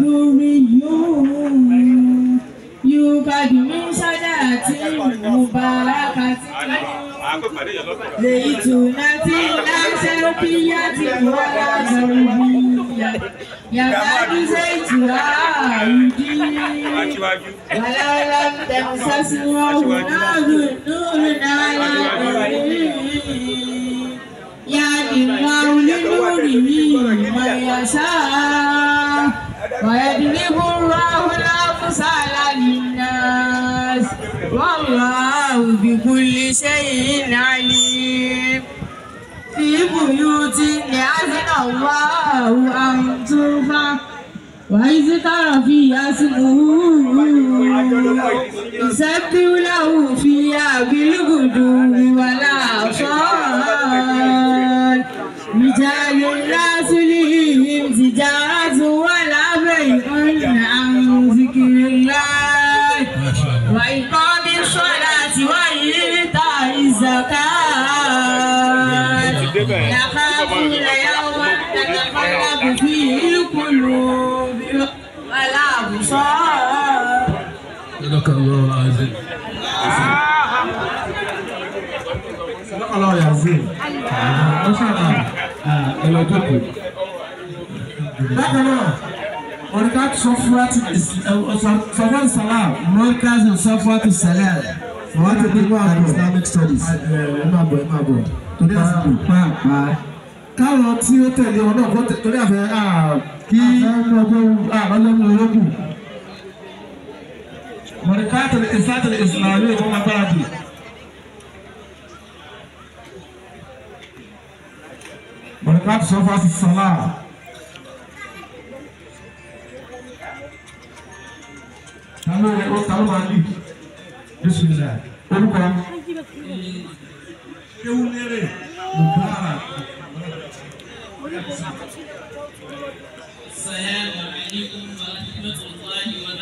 lórí yóò yóò kàdù mí sádà àti mùbáraka tí lèyí tù láti láṣẹ kíyà tí wọ́n bá sọ̀rọ̀ bí yàtà dúṣe ìtura àwùjí wàlálà tẹ̀síṣẹ́sí wọn kò náà lù lórí náà lọ́wọ́ yàtì máa ń lé lórí mi mọ̀ yàtà. والله بكل شيء عليم في بيوت لعزن الله أن ترفع ويذكر فيها اسمه يسبح له فيها بالغدو Allah yazim ọ̀ṣàlà ẹ̀yọ̀ tó kù. bákan náà ọ̀rẹ́ká sọ́fúnra ti sọ́fúnra ti sàlá mọ́ríkàzì sọ́fúnra ti sàlẹ̀ wọ́n ti dín wà ní Islamic studies. ẹ máa bọ̀ ẹ máa bọ̀ torí àsìkò pàápàá. káwọn tí ó tẹ̀lé wọn náà kó torí àfẹ́ kí ọlọ́mọ ológun. mọ̀ríkàtì ìsàtì ìsìlámì ìfowópamọ́ Berkat sofa salah. Kamu yang kau tahu mandi. Bismillah. Urukan. Keunere. Mubarak. Assalamualaikum warahmatullahi wabarakatuh.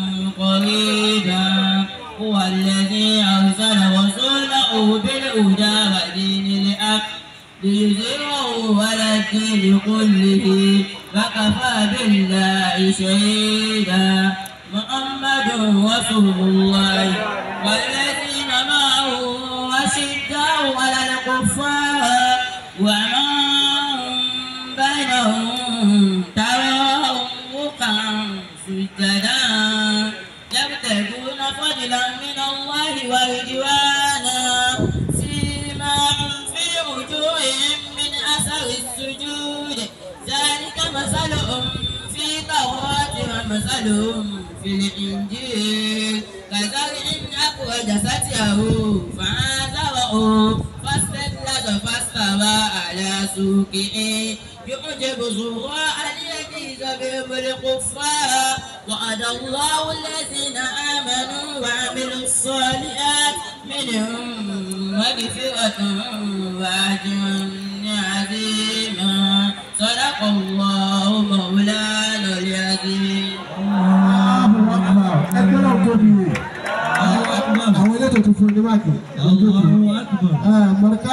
قريبا هو الذي أرسل رسوله بالهدى ودين الحق ليظهره على الدين كله فكفى بالله شهيدا محمد رسول الله والذين معه أشداء على الكفار ومن بينهم وجوانا فيما في وجوههم من أثر السجود ذلك مثلهم في التوراة ومثلهم في الإنجيل كزرع أخرج سقيه فآزره فاستدلج فاستوى على سوقه يعجب زراعا يجيز به الكفار وعد الله الذين آمنوا وعملوا الصالحات منهم مغفرة وأجر عظيما صدق الله مولانا العظيم الله أكبر أكبر الله أكبر الله أكبر الله أكبر